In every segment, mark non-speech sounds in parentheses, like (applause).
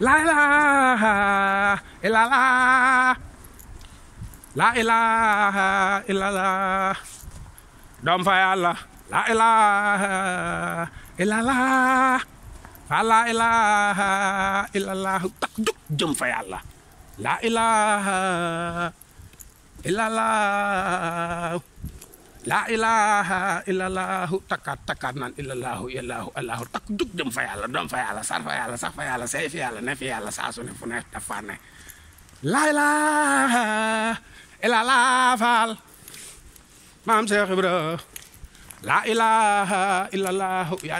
laa ilaaha illallaah doom fa yàlla e, e, laa ilaaha illallaah fa laa e, fa yàlla laa ilaaha illallaah laa ilaha illallahu takkaat takkaat naan illallahu illahu allahu takk jug dem fa yàlla doom fa yàlla sar fa yàlla sax fa yàlla say fi yàlla ne fi yàlla saasu ne fu ne laa ilaha illallah faal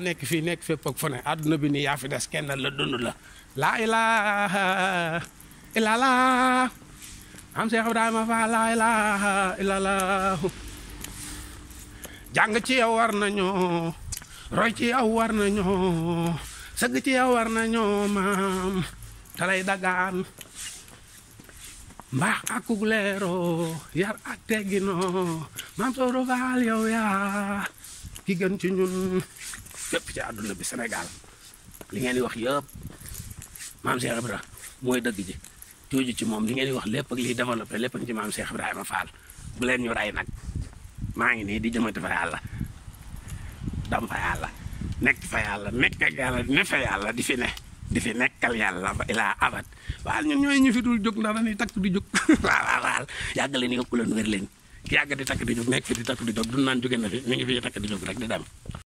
nekk fii nekk fépp ak fu ne àdduna bi nii fi des kenn la dund la laa ilaha illallah jàng ci yow war nañoo roy ci yow war nañoo sëgg ci yow war nañoo maam talay dagaan mbaax akuk leero yar ak tegginoo maam Sow Faal yow yaa ki ci ñun fépp ci àdduna bi senegal li ngeen di wax yëpp maam a Ibra mooy dëgg ji tuuti ci moom li ngeen di wax lépp ak liy développé lépp ci maam Cheikh Ibrahima Fall bu leen ñu rey nag. maa ngi nii di jëmati fa yàlla dam fa yàlla nekk fa yàlla nekk ak yàlla ne fa yàlla di fi ne di fi nekkal yàlla ba ilaa abat waaw ñun ñooy ñu fi dul jóg ndax dañuy takk di jóg (laughs) waaw waaw waaw yàgg leen yokku leen wér leen yàgg di takk di jóg nekk fi di takk di jóg du naan jóge na fi mi ngi fi takk di jóg rek di dem.